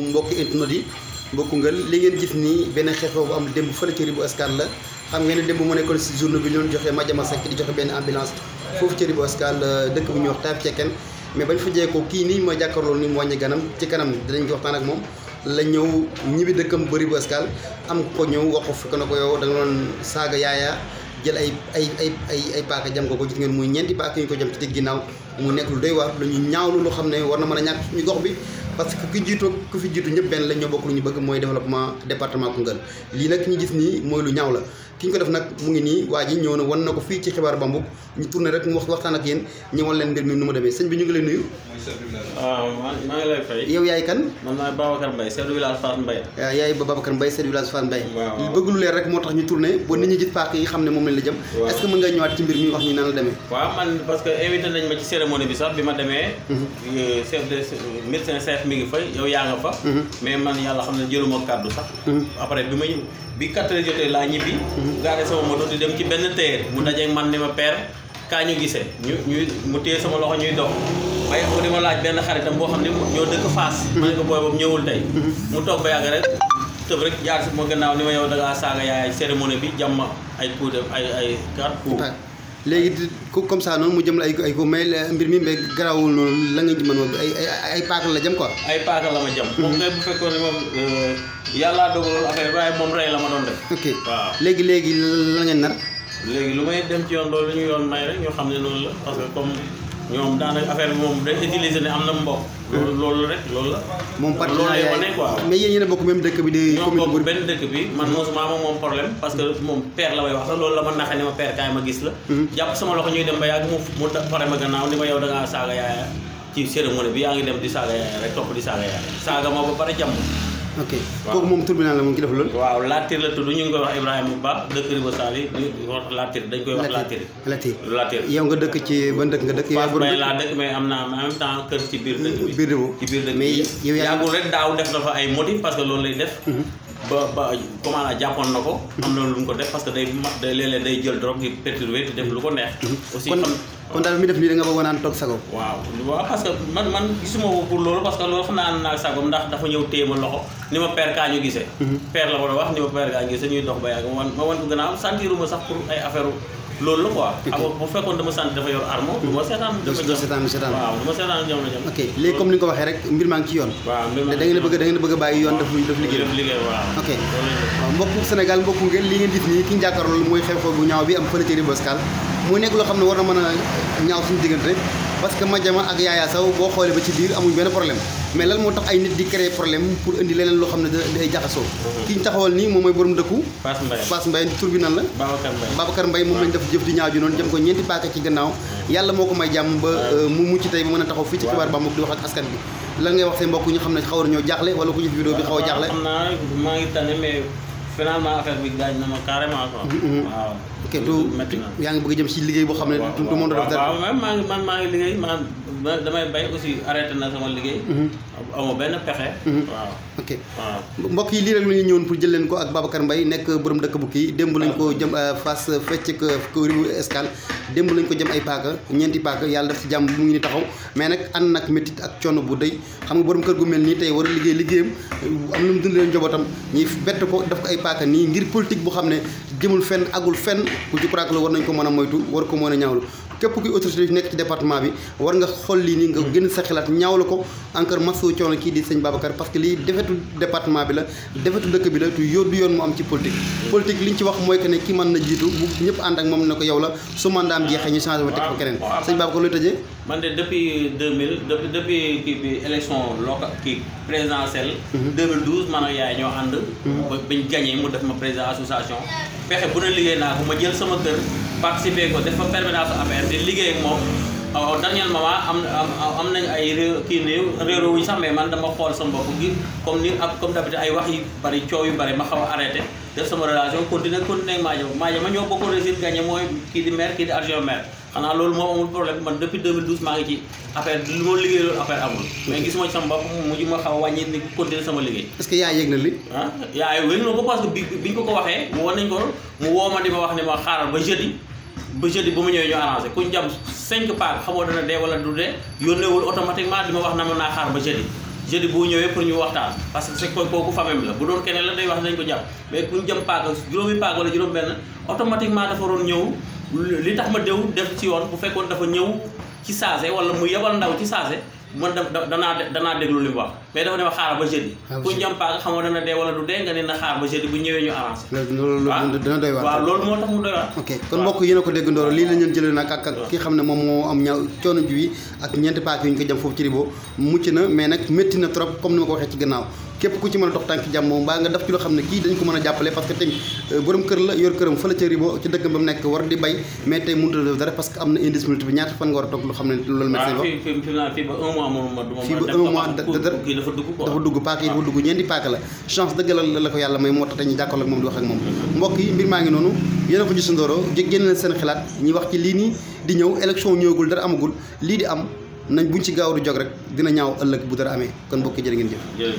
mbokki internet yi mbokku ngeen li ngeen gis nii benn xeexoo bu am démb fële ci Ribot Escale la xam ngeen ne démb moo nekkoon si journée bi ñoon joxe Madiama Seck di joxe benn ambulance foofu ci Ribot Escale euh, dëkk bu ñuy wax Taïba Cekkeen mais bañ fa jeekoo kii nii ma jàkkaarloo ni mu wàññi ganam ci kanam dinañ ci waxtaan ak moom la ñëw ñibbi dëkkam ba Ribot Escale am ko ñëw wax ko fekk na ko yow da nga doon saaga yaaya jël ay ay ay ay ay paaka jam ko ko gis ngeen ko jam ci digg ginnaaw mu nekk lu doy waar lu ñu ñaawlu lu xam ne war na mën a ñàkk suñu gox bi parce que ku jiitu ku fi jiitu ñëpp benn la ñu bëgg lu leen rek moo tax ñu tourné ba nit ñi gis paak yi xam ne moom lañ la jëm est-ce que ñëwaat ci mbir mi wax ñu nan la demee cérémonie bi sax bi ma demee. Mhm. Euh, chef de euh, médecin chef mi ngi fa yow yaa nga fa. Mhm. mais man yàlla xam ne jëluma kàddu sax. Mhm. après bi ma bi quatre heures jotee laa ñibbi. gaare sama moto di dem ci benn téer mu dajeeg man ni ma père kaa ñu gisee ñu ñu mu téye sama loxo ñuy dox. waaye ko ma laaj benn xaritam boo xam ne ñoo dëkk Fass. ma ne mu toog ba yàgg rek tëb rek jaar si ma gannaaw ni ma yow da ngaa saaga yaay cérémonie bi jàmm ay coup ay ay quatre coups. léegi comme ça noonu mu jëm la ay ay ko may mbir mi mais garaawul noonu la nga ci mën ay ay paaka la jëm quoi. ay paaka la ma jëm. moom kay bu fekkoon ne moom euh, yàllaa dogaloon affaire waaye moom rey la ma doon def. ok waaw léegi léegi la ngeen nar. léegi lu may dem ci yoon loolu ñu yoon may rek ñu xam ne noonu la parce que comme. ñoom daanaka affaire moom day utiliser ne am na mbokk. loolu rek loolu la. moom partenariat yi loolu quoi. mais yéen a bokk même dëkk bi de. commune ñoo bokk benn dëkk bi man mosuma amoon moom problème parce que moom père la may wax sax loolu la man naxee ne ma père kaay ma gis la. Mhm. jàpp sama loxo ñuy dem ba yàgg mu mu pare ma gannaaw ni ma yow da saaga yaaya ci cérémonie bi yaa ngi dem di saaga yaaya rek topp di saaga yaaya saaga ma ba pare jam ok kooku moom tur bi naan la moom ki def loolu waaw Latir la tudd ñu ngi koy wax Ibrahima Ba dëkk Riba Sali ñu wax Latir dañ koy wax Latir Latir Latir yow nga dëkk ci ban dëkk nga dëkk mais am naa en même temps bi yow yaa yàggul rek daaw def na fa ay motif parce que loolu lay def mhm. ba ba comment la jàppoon na ko. am na lu mu ko def parce que day day léeg-léeg day jël drogue di perturber di def lu ko neex. Mhm. aussi kon kon daal mi def nii da nga bëgg naan toog waaw waaw parce que man man gisuma ko pour loolu parce que loolu xam naa naa sagoom ndax dafa ñëw téye ma loxo ni ma père kaa ñu gisee. Mhm. père la ko doon wax ni ma père kaa ñu gisee ñuy dox ba yàgg ma wan ma wan ko gën a am sax pour ay affaire loolu la quoi. Ah, ok bu fekkoon dama sant dafa yor arme. du ma seetaan dafa jëm seetaan seetaan waaw du ma seetaan ñoom la jëm. ok léegi comme ni nga ko waxee rek mbir maa ngi ci yoon. waaw mbir maa ngi da ngeen a bëgg da ngeen a bëgg a bàyyi yoon daf daf liggéey. daf liggéey waaw. ok waaw ah, mbokku Sénégal mbokku ngeen li ngeen gis nii ki ñu jàkkaarloo mooy xew-xew bu ñaaw bi am fële ca Riboscal muy nekk loo xam ne war na mën a ñaaw suñu diggante parce que Madiama ak Yaya Sow boo xoolee ba ci biir amuñ benn problème mais lan moo tax ay nit di créer problème pour indi leneen loo xam ne day jaxasoo. ki taxawal nii moom mooy borom dëkku. Paas Mbaye Paas Mbaye tur bi la. Babacar Mbaye moom lañ def jëf di ñaaw ji noonu jëm ko ñeenti paaka ci gannaaw. yàlla moo ko may jàmm ba euh, mu mucc tey ba mën a taxaw fii ci xibaar Bambouck di wax ak askan bi lan ngay wax seen mbokk ñu xam ne xaw nañoo jaaxle wala ku gis vidéo bi xaw a jaaxle. xam yaa ngi bëgg jëm si liggéey boo xam ne du ba damay bay aussi arrêté na sama liggéey. Mhm. amoo benn pexe. Mhm. waaw ok waaw. mbokk yi lii rek la ñëwoon pour jël leen ko ak Babacar mbay nekk borom dëkk bu kii démb lañ ko jëm euh, face fecc euh, ko ribu escale démb lañ ko jëm ay paaka ñeenti paaka yàlla def ci jàmm mu ngi ni taxaw mais nag ànd nag métit ak coono bu dey xam nga borom kër gu mel nii tey war a liggéey liggéeyam am na mu dund leen njabootam ñuy bett ko daf ko ay paaka nii ngir politique bu xam ne jëmul fenn agul fenn ku ci crois war nañ ko mën a moytu war ko mën a ñaawlu képp kuy autorité bi nekk ci département bi war nga xool lii nii nga hmm. gën sa xalaat ñaaw la ko encore masu coono kii di sëñ Babacar parce que lii defetu département bi la defetu dëkk bi la tu yóddu yoon mu am ci politique politique li ñu ci wax mooy que ne kii mën na jiitu bu ñëpp ànd ak moom ne ko yow la su mandaam jeexee ñu changé ba teg fa keneen sëñ Babacar looy tëjee man présidentielle. 2012 mhm. man ak yaay ñoo ànd. Mhm. ba bañ gagné mu def ma président association. fexe bu ne liggéey naa ko ma jël sama kër participer ko def fa permanence affaire di liggéey ak moom. waaw dernier moment am am nañ ay réew kii néew réeroo wuñ sax mais man dama xool sama bopp gi comme ni ak comme d'habitude ay wax yu bari coow yu bari ma xaw a def sama relation continuer continuer ak Madiama Madiama ñoo bokk réussir gagné mooy kii di maire kii di adjoint maire xanaa loolu moo amul problème man depuis 2012 maa ngi ci affaire li ma liggéey loolu affaire amul. mais gis ma ci sama bopp mujj xaw a wàññi ni continuer sama liggéey. est-ce yëg na li. ah yaa yëg na ko parce que bi biñ ko waxee mu war nañ ko mu ma wax ne ma xaaral ba jeudi ba jeudi ba mu ñëwee ñu arrangé ku ñu jàpp cinq paak xamoo dana dee wala du dee yónneewul automatiquement di ma wax na ma naa xaar ba jeudi. jeudi bu ñëwee pour ñu waxtaan parce que c'est kooku famem la bu wax nañ ko jàpp mais ku ñu jëm paak juróomi paak wala juróom benn automatiquement dafa li tax ma déw def ci yoon bu fekkoon dafa ñëw ci saase wala mu yebal ndaw ci saase man da danaa danaa déglu li mu wax dafa ne ma xaar ba jeudi. Ah, ku njàmpaaga xamoo dana dee wala du dee nga ne na ah? loolu moo tax mu doy waar. ok kon mbokk yi yéen ko dégg Ndoro lii la ñu jëlee nag ak ak ki xam ne moom moo am ñaaw coono ji ak ñeenti paak yu ñu ko jëm foofu ci ribo mucc na mais nag métti na trop comme ni ma ko waxee ci gannaaw. képp ku ci mën a dox tànk jàmm moom mbaa nga def ci loo xam ne kii dañ ko mën a jàppale parce que tamit euh, ba mu nekk war di bay mais tey mënut a def dara parce que am na indisponibilité bi ñaata fan nga war a toog loo xam ne wax ah, fii ba dafa dugg paaka yi dafa dugg ñeenti paaka la chance dëgg la ko yàlla may moo tax tey ñu ak moom di wax ak moom mbokk yi mbir maa ngi noonu yéen ko gisandooroo génn na seen xalaat ñuy wax ci lii nii di ñëw élection ñëwagul am nañ buñ gaaw du jog rek dina ñaaw ëllëg bu dara amee kon mbokk yi jërë ngeen